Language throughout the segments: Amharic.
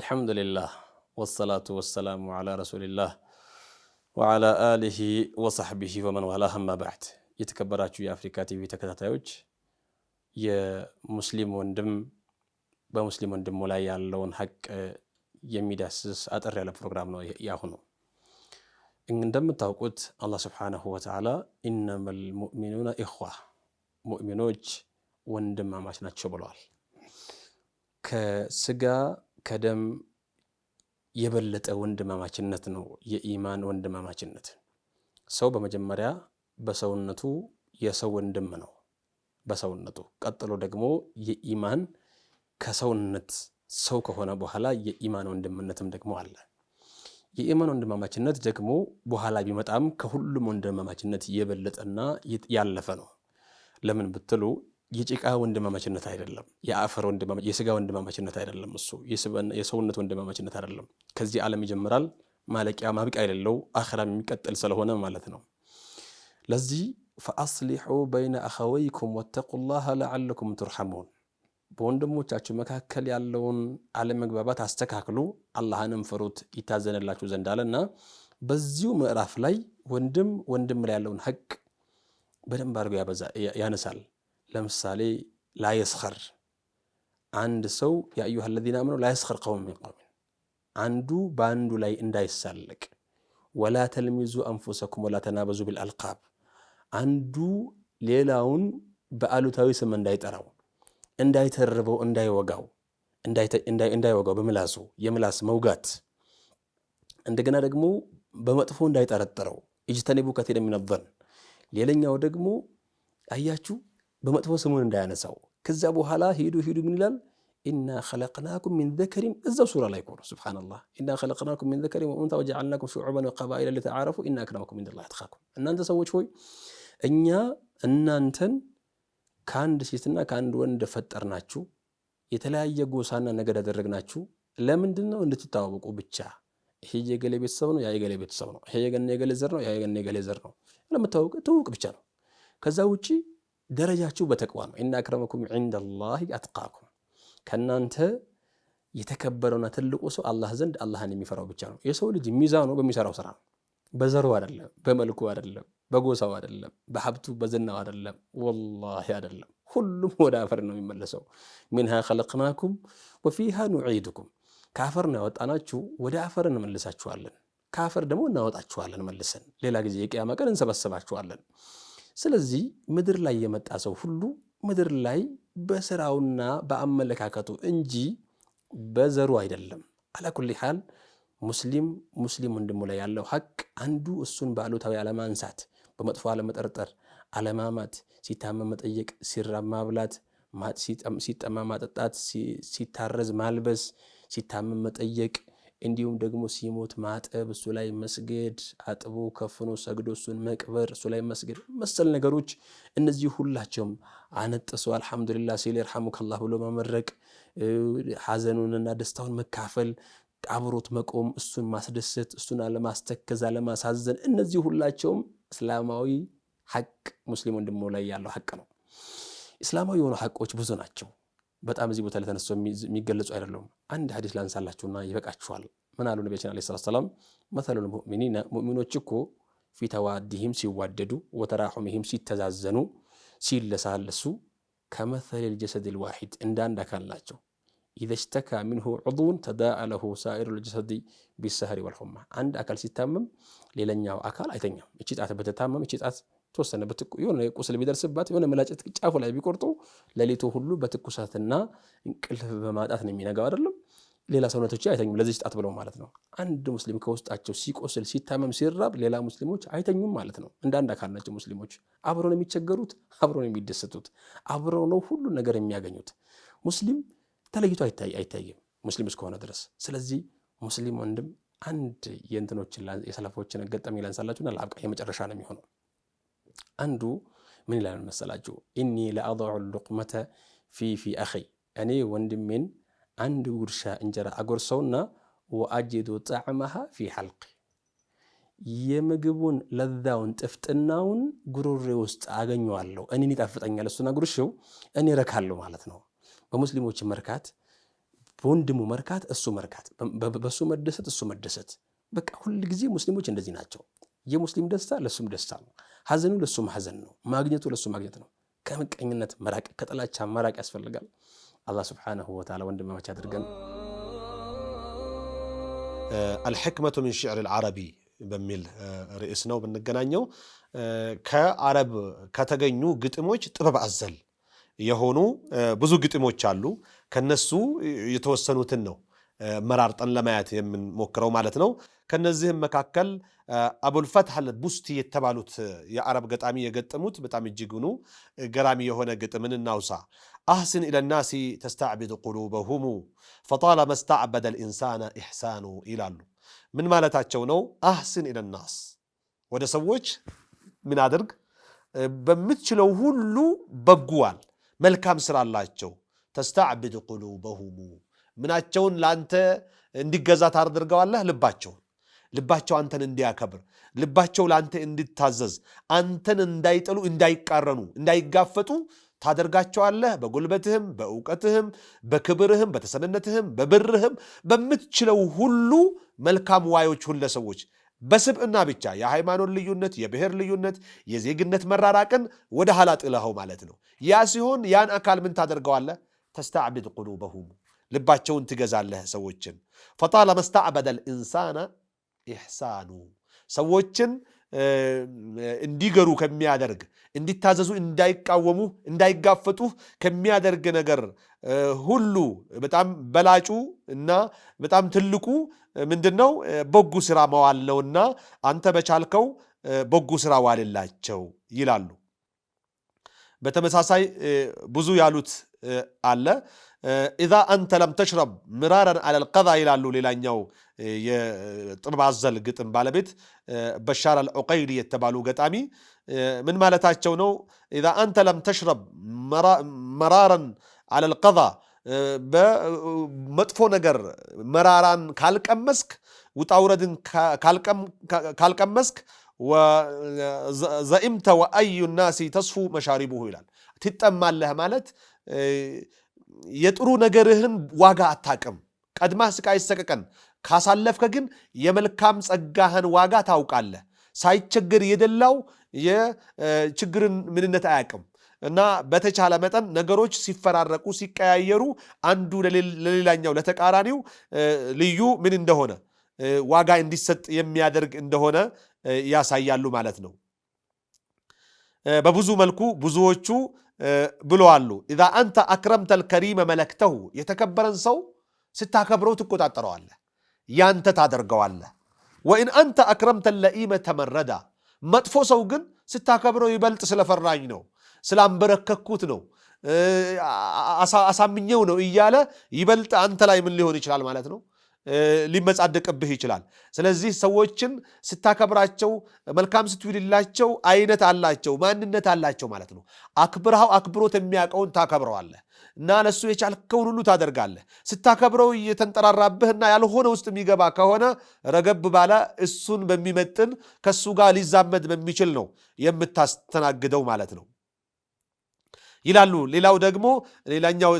አልሐምዱሊላህ ወሰላቱ ወሰላሙ ዓላ ረሱሊላህ ወዓላ አሊሂ ወሳሕቢሂ ወመን ዋላህ። አማ በዕድ የተከበራችሁ የአፍሪካ ቲቪ ተከታታዮች የሙስሊም ወንድም በሙስሊም ወንድሙ ላይ ያለውን ሀቅ የሚዳስስ አጠር ያለ ፕሮግራም ነው ያሁኑ። እንደምታውቁት አላህ ስብሓነሁ ወተዓላ ኢነመል ሙእሚኑነ ኢኽዋ ሙእሚኖች ወንድማማች ናቸው ብለዋል። ከስጋ ከደም የበለጠ ወንድማማችነት ነው የኢማን ወንድማማችነት። ሰው በመጀመሪያ በሰውነቱ የሰው ወንድም ነው በሰውነቱ ቀጥሎ ደግሞ የኢማን ከሰውነት ሰው ከሆነ በኋላ የኢማን ወንድምነትም ደግሞ አለ። የኢማን ወንድማማችነት ደግሞ በኋላ ቢመጣም ከሁሉም ወንድማማችነት የበለጠና ያለፈ ነው። ለምን ብትሉ የጭቃ ወንድማማችነት አይደለም። የአፈር ወንድማማች የስጋ ወንድማማችነት አይደለም። እሱ የሰውነት ወንድማማችነት አይደለም። ከዚህ ዓለም ይጀምራል፣ ማለቂያ ማብቂያ የሌለው አኸራም የሚቀጥል ስለሆነ ማለት ነው። ለዚህ ፈአስሊሑ በይነ አኸወይኩም ወተቁላሃ ለዓለኩም ቱርሐሙን። በወንድሞቻችሁ መካከል ያለውን አለመግባባት አስተካክሉ፣ አላህንም ፍሩት ይታዘንላችሁ ዘንድ አለና በዚሁ ምዕራፍ ላይ ወንድም ወንድም ላይ ያለውን ሐቅ በደንብ አድርጎ ያነሳል። ለምሳሌ ላየስኸር አንድ ሰው ያአዩሃ ለዚነ አመኑ ላየስኸር ቀውም ሚን ቀውሚን አንዱ በአንዱ ላይ እንዳይሳለቅ፣ ወላ ተልሚዙ አንፉሰኩም ወላ ተናበዙ ቢልአልቃብ አንዱ ሌላውን በአሉታዊ ስም እንዳይጠራው፣ እንዳይተርበው፣ እንዳይወጋው እንዳይወጋው በምላሱ የምላስ መውጋት እንደገና ደግሞ በመጥፎ እንዳይጠረጠረው። እጅተኒቡ ከቴር የሚነበን ሌላኛው ደግሞ አያችሁ በመጥፎ ስሙን እንዳያነሳው። ከዛ በኋላ ሂዱ ሂዱ ምን ይላል? ኢና ኸለቅናኩም ሚን ዘከሪን እዛው ሱራ ላይ ኮኑ ሱብሓነላህ። ኢና ኸለቅናኩም ሚን ዘከሪን ወኡንታ ወጀዓልናኩም ሹዑበን ወቀባኢለ ሊተዓረፉ ኢና አክረመኩም ኢንደላሂ አትቃኩም። እናንተ ሰዎች ሆይ እኛ እናንተን ከአንድ ሴትና ከአንድ ወንድ ፈጠርናችሁ፣ የተለያየ ጎሳና ነገድ አደረግናችሁ ለምንድን ነው? እንድትታወቁ ብቻ። ይሄ የገሌ ቤተሰብ ነው፣ ያ የገሌ ቤተሰብ ነው፣ ይሄ የገሌ ዘር ነው፣ ያ የገሌ ዘር ነው። ለምታወቅ ትውውቅ ብቻ ነው። ከዛ ውጪ ደረጃችሁ በተቅዋ ነው። ኢና አክረመኩም ዒንደላሂ አትቃኩም። ከእናንተ የተከበረውና ትልቁ ሰው አላህ ዘንድ አላህን የሚፈራው ብቻ ነው። የሰው ልጅ ሚዛኑ በሚሰራው ስራ ነው። በዘሩ አይደለም፣ በመልኩ አይደለም፣ በጎሳው አይደለም፣ በሀብቱ በዝናው አይደለም፣ ወላሂ አይደለም። ሁሉም ወደ አፈር ነው የሚመለሰው። ሚንሃ ኸለቅናኩም ወፊሃ ኑዒድኩም። ከአፈር ነው ያወጣናችሁ፣ ወደ አፈር እንመልሳችኋለን። ከአፈር ደግሞ እናወጣችኋለን መልሰን፣ ሌላ ጊዜ የቅያማ ቀን እንሰበስባችኋለን። ስለዚህ ምድር ላይ የመጣ ሰው ሁሉ ምድር ላይ በስራውና በአመለካከቱ እንጂ በዘሩ አይደለም። አላኩል ሃል ሙስሊም ሙስሊም ወንድሙ ላይ ያለው ሀቅ አንዱ እሱን በአሉታዊ አለማንሳት፣ በመጥፎ አለመጠርጠር፣ አለማማት፣ ሲታመም መጠየቅ፣ ሲራብ ማብላት፣ ሲጠማ ማጠጣት፣ ሲታረዝ ማልበስ፣ ሲታመም መጠየቅ እንዲሁም ደግሞ ሲሞት ማጠብ፣ እሱ ላይ መስገድ፣ አጥቦ ከፍኖ ሰግዶ እሱን መቅበር፣ እሱ ላይ መስገድ መሰል ነገሮች እነዚህ ሁላቸውም አነጥሶ አልሐምዱሊላ ሲል የርሐሙከላህ ብሎ መመረቅ፣ ሐዘኑንና ደስታውን መካፈል፣ አብሮት መቆም፣ እሱን ማስደሰት፣ እሱን አለማስተከዝ፣ አለማሳዘን እነዚህ ሁላቸውም እስላማዊ ሐቅ ሙስሊም ወንድሞ ላይ ያለው ሐቅ ነው። እስላማዊ የሆኑ ሐቆች ብዙ ናቸው። በጣም እዚህ ቦታ ላይ የሚገለጹ አይደለም። አንድ ሀዲስ ላንሳላችሁና ይበቃችኋል። ምን አሉ ነቢያችን ዓለይሂ ሰላቱ ወሰላም? መተሉል ሙእሚኖች እኮ ፊ ሲዋደዱ፣ ወተራሑሚህም ሲተዛዘኑ፣ ሲለሳለሱ ከመተሊል ጀሰዲል ዋሂድ እንደ አንድ አካል ናቸው። ኢዘ ሚንሁ ዑድውን ተዳአ ለሁ ሳኢሩል ጀሰዲ ቢሰህሪ ወልሑማ። አንድ አካል ሲታመም ሌላኛው አካል አይተኛም። እቺ ጣት በተታመም እቺ ጣት ተወሰነ የሆነ ቁስል ቢደርስባት የሆነ መላጨት ጫፉ ላይ ቢቆርጡ ሌሊቱ ሁሉ በትኩሳትና እንቅልፍ በማጣት ነው የሚነጋው አይደለም። ሌላ ሰውነቶች አይተኙም፣ ለዚህ ጣት ብለው ማለት ነው። አንድ ሙስሊም ከውስጣቸው ሲቆስል፣ ሲታመም፣ ሲራብ ሌላ ሙስሊሞች አይተኙም ማለት ነው። እንደ አንድ አካል ናቸው ሙስሊሞች። አብረው ነው የሚቸገሩት፣ አብረው ነው የሚደሰቱት፣ አብረው ነው ሁሉ ነገር የሚያገኙት። ሙስሊም ተለይቶ አይታይም ሙስሊም እስከሆነ ድረስ። ስለዚህ ሙስሊም ወንድም አንድ የእንትኖችን የሰለፎችን ገጠመኝ ላንሳላችሁና ለአብቃ የመጨረሻ ነው የሚሆነው አንዱ ምን ይላል መሰላችሁ? ኢኒ ለአضዑ ሉቅመተ ፊ ፊ አኸይ እኔ ወንድሜን አንድ ጉርሻ እንጀራ አጎርሰውና ወአጅዱ ጣዕመሃ ፊ ሐልቅ የምግቡን ለዛውን ጥፍጥናውን ጉሮሬ ውስጥ አገኘዋለሁ። እኔን ይጣፍጠኛል፣ እሱና ጉርሼው እኔ ረካለሁ ማለት ነው። በሙስሊሞች መርካት፣ በወንድሙ መርካት፣ እሱ መርካት፣ በእሱ መደሰት፣ እሱ መደሰት። በቃ ሁል ጊዜ ሙስሊሞች እንደዚህ ናቸው። የሙስሊም ደስታ ለሱም ደስታ ነው፣ ሐዘኑ ለሱም ሐዘን ነው፣ ማግኘቱ ለሱ ማግኘት ነው። ከምቀኝነት መራቅ ከጥላቻ መራቅ ያስፈልጋል። አላህ ስብሓነሁ ወተዓላ ወንድማማች አድርገን። አልሕክመቱ ሚን ሽዕር ልዓረቢ በሚል ርዕስ ነው ብንገናኘው። ከአረብ ከተገኙ ግጥሞች ጥበብ አዘል የሆኑ ብዙ ግጥሞች አሉ። ከነሱ የተወሰኑትን ነው መራርጠን ለማየት የምንሞክረው ማለት ነው። ከነዚህም መካከል አቡልፈትህ አልቡስቲ የተባሉት የአረብ ገጣሚ የገጠሙት በጣም እጅግኑ ገራሚ የሆነ ግጥምን እናውሳ። አህስን ኢለ ናሲ ተስተዕቢድ ቁሉበሁሙ ፈጣለመ ስተዕበደ ልኢንሳነ ኢሕሳኑ ይላሉ። ምን ማለታቸው ነው? አህስን ኢለ ናስ ወደ ሰዎች ምን አድርግ፣ በምትችለው ሁሉ በጉዋል መልካም ስራ አላቸው ተስተዕቢድ ቁሉበሁሙ ምናቸውን ለአንተ እንዲገዛ ታደርገዋለህ። ልባቸው ልባቸው አንተን እንዲያከብር ልባቸው ለአንተ እንዲታዘዝ አንተን እንዳይጠሉ፣ እንዳይቃረኑ፣ እንዳይጋፈጡ ታደርጋቸዋለህ። በጉልበትህም፣ በእውቀትህም፣ በክብርህም፣ በተሰነነትህም፣ በብርህም በምትችለው ሁሉ መልካም ዋዮች ሁን ለሰዎች በስብዕና ብቻ የሃይማኖት ልዩነት፣ የብሔር ልዩነት፣ የዜግነት መራራቅን ወደ ኋላ ጥለኸው ማለት ነው። ያ ሲሆን ያን አካል ምን ታደርገዋለህ? ተስተዕቢድ ቁሉበሁም ልባቸውን ትገዛለህ ሰዎችን። ፈጣለመ መስተዕበደ ልኢንሳነ ኢሕሳኑ ሰዎችን እንዲገሩ ከሚያደርግ እንዲታዘዙ፣ እንዳይቃወሙ፣ እንዳይጋፈጡ ከሚያደርግ ነገር ሁሉ በጣም በላጩ እና በጣም ትልቁ ምንድን ነው? በጎ ስራ መዋል ነውና አንተ በቻልከው በጎ ስራ ዋልላቸው ይላሉ። በተመሳሳይ ብዙ ያሉት አለ። ኢዛ አንተ ለም ተሽረብ ምራረን አለል ቀዛ ይላሉ። ሌላኛው የጥበብ አዘል ግጥም ባለቤት በሻር አልዑቀይሊ የተባሉ ገጣሚ ምን ማለታቸው ነው? ኢዛ አንተ ለም ተሽረብ መራረን አለል ቀዛ በመጥፎ ነገር መራራን ካልቀመስክ ውጣውረድን ካልቀመስክ ዘኢምተ ወአዩ ናሲ ተስፉ መሻሪቡሁ ይላል። ትጠማለህ ማለት የጥሩ ነገርህን ዋጋ አታቅም። ቀድማህ ስቃይ ይሰቀቀን ካሳለፍከ ግን የመልካም ጸጋህን ዋጋ ታውቃለህ። ሳይቸገር የደላው የችግርን ምንነት አያቅም እና በተቻለ መጠን ነገሮች ሲፈራረቁ ሲቀያየሩ፣ አንዱ ለሌላኛው ለተቃራኒው ልዩ ምን እንደሆነ ዋጋ እንዲሰጥ የሚያደርግ እንደሆነ ያሳያሉ ማለት ነው። በብዙ መልኩ ብዙዎቹ ብሎ አሉ ኢዛ አንተ አክረምተል ከሪመ መለክተሁ የተከበረን ሰው ስታከብረው ትቆጣጠረዋለህ፣ ያንተ ታደርገዋለህ። ወኢን አንተ አክረምተል ለኢመ ተመረዳ መጥፎ ሰው ግን ስታከብረው ይበልጥ ስለፈራኝ ነው ስላንበረከኩት ነው አሳምኘው ነው እያለ ይበልጥ አንተ ላይ ምን ሊሆን ይችላል ማለት ነው ሊመጻደቅብህ ይችላል። ስለዚህ ሰዎችን ስታከብራቸው መልካም ስትውልላቸው አይነት አላቸው ማንነት አላቸው ማለት ነው። አክብረው አክብሮት የሚያውቀውን ታከብረዋለህ እና ለሱ የቻልከውን ሁሉ ታደርጋለህ። ስታከብረው እየተንጠራራብህና ያልሆነ ውስጥ የሚገባ ከሆነ ረገብ ባለ እሱን በሚመጥን ከሱ ጋር ሊዛመድ በሚችል ነው የምታስተናግደው ማለት ነው። ይላሉ። ሌላው ደግሞ ሌላኛው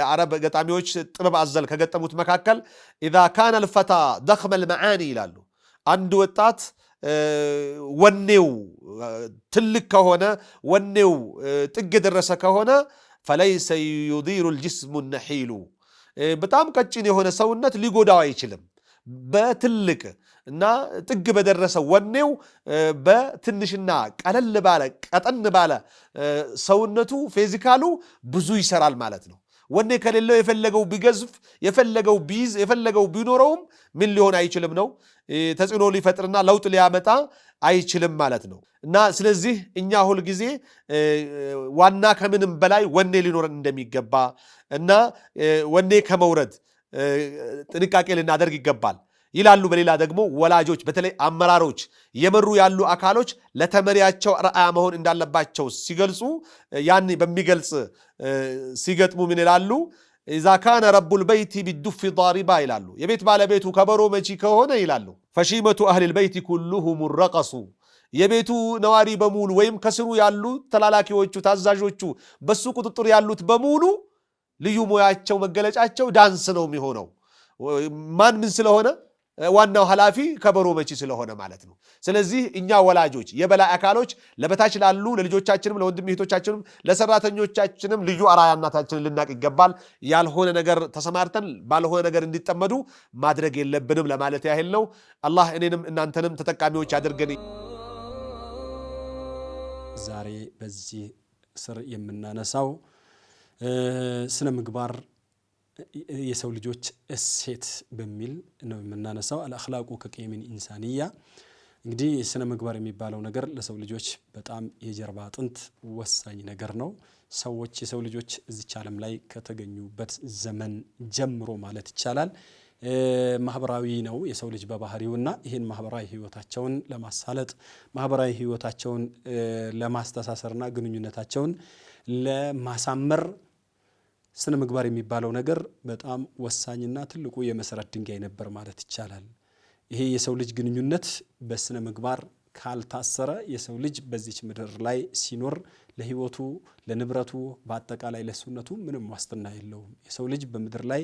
የአረብ ገጣሚዎች ጥበብ አዘል ከገጠሙት መካከል ኢዛ ካነ ልፈታ ደኽመል መዓኒ ይላሉ። አንድ ወጣት ወኔው ትልቅ ከሆነ ወኔው ጥግ የደረሰ ከሆነ ፈለይሰ ዩዲሩ ልጅስሙ ነሒሉ በጣም ቀጭን የሆነ ሰውነት ሊጎዳው አይችልም። በትልቅ እና ጥግ በደረሰው ወኔው በትንሽና ቀለል ባለ ቀጠን ባለ ሰውነቱ ፊዚካሉ ብዙ ይሰራል ማለት ነው። ወኔ ከሌለው የፈለገው ቢገዝፍ የፈለገው ቢይዝ የፈለገው ቢኖረውም ምን ሊሆን አይችልም ነው ተጽዕኖ ሊፈጥርና ለውጥ ሊያመጣ አይችልም ማለት ነው። እና ስለዚህ እኛ ሁልጊዜ ዋና ከምንም በላይ ወኔ ሊኖረን እንደሚገባ እና ወኔ ከመውረድ ጥንቃቄ ልናደርግ ይገባል። ይላሉ። በሌላ ደግሞ ወላጆች በተለይ አመራሮች የመሩ ያሉ አካሎች ለተመሪያቸው ረአያ መሆን እንዳለባቸው ሲገልጹ ያን በሚገልጽ ሲገጥሙ ምን ይላሉ? ኢዛ ካነ ረቡል በይቲ ቢዱፊ ዳሪባ ይላሉ። የቤት ባለቤቱ ከበሮ መቺ ከሆነ ይላሉ ፈሺመቱ አህሊል በይቲ ኩሉሁም ረቀሱ የቤቱ ነዋሪ በሙሉ ወይም ከስሩ ያሉ ተላላኪዎቹ፣ ታዛዦቹ፣ በሱ ቁጥጥር ያሉት በሙሉ ልዩ ሙያቸው መገለጫቸው ዳንስ ነው የሚሆነው ማን ምን ስለሆነ ዋናው ኃላፊ ከበሮ መቺ ስለሆነ ማለት ነው። ስለዚህ እኛ ወላጆች የበላይ አካሎች ለበታች ላሉ ለልጆቻችንም፣ ለወንድም እህቶቻችንም፣ ለሰራተኞቻችንም ልዩ አርአያነታችንን ልናቅ ይገባል። ያልሆነ ነገር ተሰማርተን ባልሆነ ነገር እንዲጠመዱ ማድረግ የለብንም ለማለት ያህል ነው። አላህ እኔንም እናንተንም ተጠቃሚዎች ያድርገን። ዛሬ በዚህ ስር የምናነሳው ስነ ምግባር የሰው ልጆች እሴት በሚል ነው የምናነሳው። አልአኽላቁ ከቂሚን ኢንሳንያ እንግዲህ ስነ ምግባር የሚባለው ነገር ለሰው ልጆች በጣም የጀርባ አጥንት ወሳኝ ነገር ነው። ሰዎች የሰው ልጆች እዚች ዓለም ላይ ከተገኙበት ዘመን ጀምሮ ማለት ይቻላል ማህበራዊ ነው የሰው ልጅ በባህሪውና ይህን ማህበራዊ ህይወታቸውን ለማሳለጥ ማህበራዊ ህይወታቸውን ለማስተሳሰርና ግንኙነታቸውን ለማሳመር ስነ ምግባር የሚባለው ነገር በጣም ወሳኝና ትልቁ የመሰረት ድንጋይ ነበር ማለት ይቻላል። ይሄ የሰው ልጅ ግንኙነት በስነ ምግባር ካልታሰረ የሰው ልጅ በዚች ምድር ላይ ሲኖር ለህይወቱ ለንብረቱ፣ በአጠቃላይ ለሱነቱ ምንም ዋስትና የለውም። የሰው ልጅ በምድር ላይ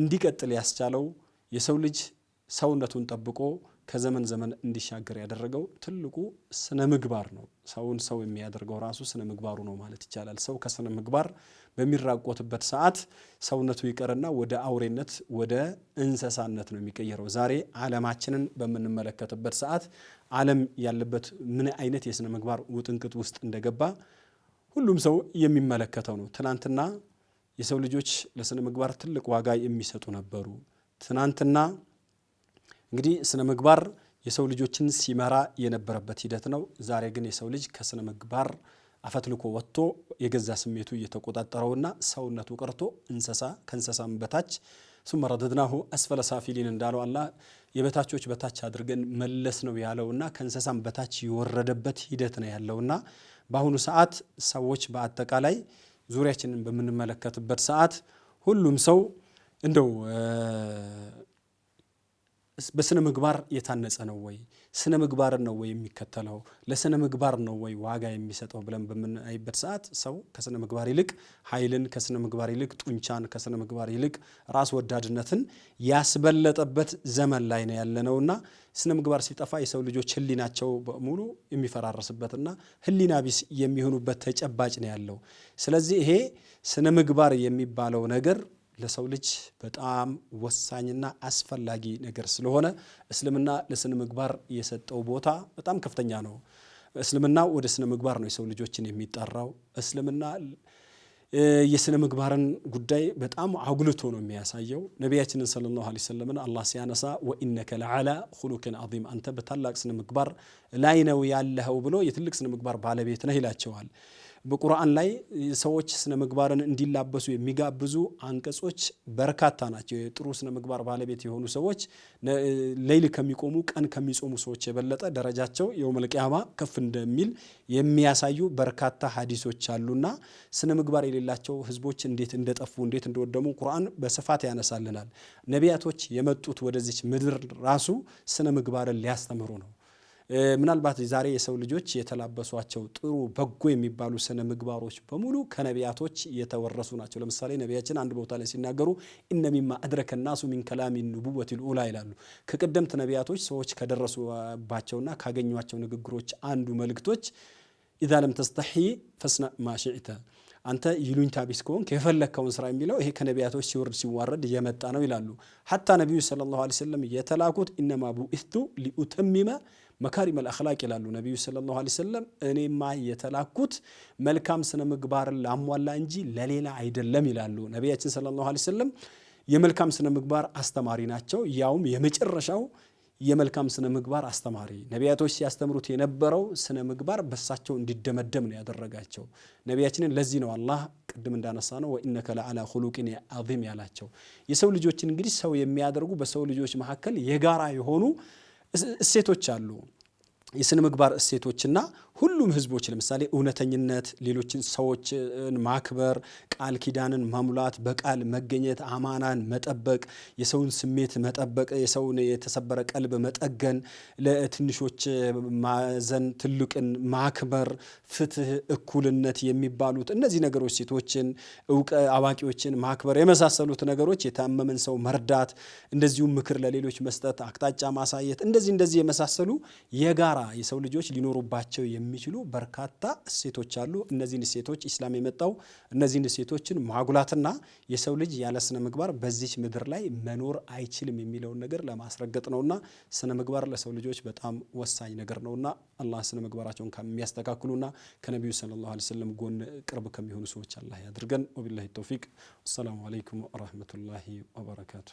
እንዲቀጥል ያስቻለው የሰው ልጅ ሰውነቱን ጠብቆ ከዘመን ዘመን እንዲሻገር ያደረገው ትልቁ ስነ ምግባር ነው። ሰውን ሰው የሚያደርገው ራሱ ስነ ምግባሩ ነው ማለት ይቻላል። ሰው ከስነ ምግባር በሚራቆትበት ሰዓት ሰውነቱ ይቀርና ወደ አውሬነት፣ ወደ እንስሳነት ነው የሚቀየረው። ዛሬ ዓለማችንን በምንመለከትበት ሰዓት ዓለም ያለበት ምን አይነት የስነ ምግባር ውጥንቅጥ ውስጥ እንደገባ ሁሉም ሰው የሚመለከተው ነው። ትናንትና የሰው ልጆች ለስነ ምግባር ትልቅ ዋጋ የሚሰጡ ነበሩ። ትናንትና እንግዲህ ስነ ምግባር የሰው ልጆችን ሲመራ የነበረበት ሂደት ነው። ዛሬ ግን የሰው ልጅ ከስነ ምግባር አፈትልኮ ወጥቶ የገዛ ስሜቱ እየተቆጣጠረውና ሰውነቱ ቀርቶ እንስሳ ከእንስሳም በታች ሱመ ረደድናሁ አስፈለ ሳፊሊን እንዳለው አላህ የበታቾች በታች አድርገን መለስ ነው ያለውና ከእንስሳም በታች የወረደበት ሂደት ነው ያለውና በአሁኑ ሰዓት ሰዎች በአጠቃላይ ዙሪያችንን በምንመለከትበት ሰዓት ሁሉም ሰው እንደው በስነ ምግባር የታነጸ ነው ወይ? ስነ ምግባርን ነው ወይ የሚከተለው? ለስነ ምግባር ነው ወይ ዋጋ የሚሰጠው ብለን በምናይበት ሰዓት ሰው ከስነ ምግባር ይልቅ ኃይልን፣ ከስነ ምግባር ይልቅ ጡንቻን፣ ከስነ ምግባር ይልቅ ራስ ወዳድነትን ያስበለጠበት ዘመን ላይ ነው እና ስነ ምግባር ሲጠፋ የሰው ልጆች ሕሊናቸው በሙሉ የሚፈራረስበትና ሕሊና ቢስ የሚሆኑበት ተጨባጭ ነው ያለው። ስለዚህ ይሄ ስነ ምግባር የሚባለው ነገር ለሰው ልጅ በጣም ወሳኝና አስፈላጊ ነገር ስለሆነ እስልምና ለስነ ምግባር የሰጠው ቦታ በጣም ከፍተኛ ነው። እስልምና ወደ ስነ ምግባር ነው የሰው ልጆችን የሚጠራው። እስልምና የስነ ምግባርን ጉዳይ በጣም አጉልቶ ነው የሚያሳየው። ነቢያችንን ሰለላሁ ዐለይሂ ወሰለምን አላህ ሲያነሳ ወኢነከ ለዓላ ሁሉክን ዐዚም አንተ በታላቅ ስነ ምግባር ላይ ነው ያለኸው ብሎ የትልቅ ስነ ምግባር ባለቤት ነህ ይላቸዋል። በቁርአን ላይ ሰዎች ስነ ምግባርን እንዲላበሱ የሚጋብዙ አንቀጾች በርካታ ናቸው። የጥሩ ስነ ምግባር ባለቤት የሆኑ ሰዎች ሌይል ከሚቆሙ ቀን ከሚጾሙ ሰዎች የበለጠ ደረጃቸው የውመል ቂያማ ከፍ እንደሚል የሚያሳዩ በርካታ ሀዲሶች አሉና ስነ ምግባር የሌላቸው ህዝቦች እንዴት እንደጠፉ እንዴት እንደወደሙ ቁርአን በስፋት ያነሳልናል። ነቢያቶች የመጡት ወደዚች ምድር ራሱ ስነ ምግባርን ሊያስተምሩ ነው። ምናልባት ዛሬ የሰው ልጆች የተላበሷቸው ጥሩ በጎ የሚባሉ ስነ ምግባሮች በሙሉ ከነቢያቶች የተወረሱ ናቸው። ለምሳሌ ነቢያችን አንድ ቦታ ላይ ሲናገሩ እነሚማ አድረከ ናሱ ሚን ከላሚ ንቡወት ኡላ ይላሉ። ከቀደምት ነቢያቶች ሰዎች ከደረሱባቸውና ካገኟቸው ንግግሮች አንዱ መልእክቶች ኢዛ ለም ተስተሒ ፈስና ማሽዕተ አንተ ይሉኝታ ቢስ ከሆንክ የፈለግከውን ስራ የሚለው ይሄ ከነቢያቶች ሲወርድ ሲዋረድ የመጣ ነው ይላሉ። ሐታ ነቢዩ ሰለላሁ ዐለይሂ ወሰለም የተላኩት ኢነማ ቡኢስቱ ሊኡተሚመ መካሪም አልአኽላቅ ይላሉ ነቢዩ ሰለላሁ ዐለይሂ ወሰለም። እኔማ የተላኩት መልካም ስነ ምግባርን ላሟላ እንጂ ለሌላ አይደለም ይላሉ ነቢያችን ሰለላሁ ዐለይሂ ወሰለም። የመልካም ስነ ምግባር አስተማሪ ናቸው። ያውም የመጨረሻው የመልካም ስነ ምግባር አስተማሪ ነቢያቶች ሲያስተምሩት የነበረው ስነ ምግባር በሳቸው እንዲደመደም ነው ያደረጋቸው ነቢያችንን። ለዚህ ነው አላህ ቅድም እንዳነሳ ነው ወኢነከ ለዓላ ሁሉቅን አዚም ያላቸው። የሰው ልጆችን እንግዲህ ሰው የሚያደርጉ በሰው ልጆች መካከል የጋራ የሆኑ እሴቶች አሉ የስነ ምግባር እሴቶችና ሁሉም ህዝቦች ለምሳሌ እውነተኝነት፣ ሌሎችን ሰዎችን ማክበር፣ ቃል ኪዳንን መሙላት፣ በቃል መገኘት፣ አማናን መጠበቅ፣ የሰውን ስሜት መጠበቅ፣ የሰውን የተሰበረ ቀልብ መጠገን፣ ለትንሾች ማዘን፣ ትልቅን ማክበር፣ ፍትህ፣ እኩልነት የሚባሉት እነዚህ ነገሮች ሴቶችን፣ እውቀ አዋቂዎችን ማክበር የመሳሰሉት ነገሮች የታመመን ሰው መርዳት፣ እንደዚሁም ምክር ለሌሎች መስጠት፣ አቅጣጫ ማሳየት፣ እንደዚህ እንደዚህ የመሳሰሉ የጋራ የሰው ልጆች ሊኖሩባቸው የሚችሉ በርካታ እሴቶች አሉ። እነዚህን እሴቶች ኢስላም የመጣው እነዚህን እሴቶችን ማጉላትና የሰው ልጅ ያለ ስነ ምግባር በዚች ምድር ላይ መኖር አይችልም የሚለውን ነገር ለማስረገጥ ነውና ስነ ምግባር ለሰው ልጆች በጣም ወሳኝ ነገር ነውና አላህ ስነ ምግባራቸውን ከሚያስተካክሉና ከነቢዩ ሰለላሁ ዐለይሂ ወሰለም ጎን ቅርብ ከሚሆኑ ሰዎች አላህ ያድርገን። ወቢላሂ ተውፊቅ። አሰላሙ አለይኩም ወረህመቱላሂ ወበረካቱ።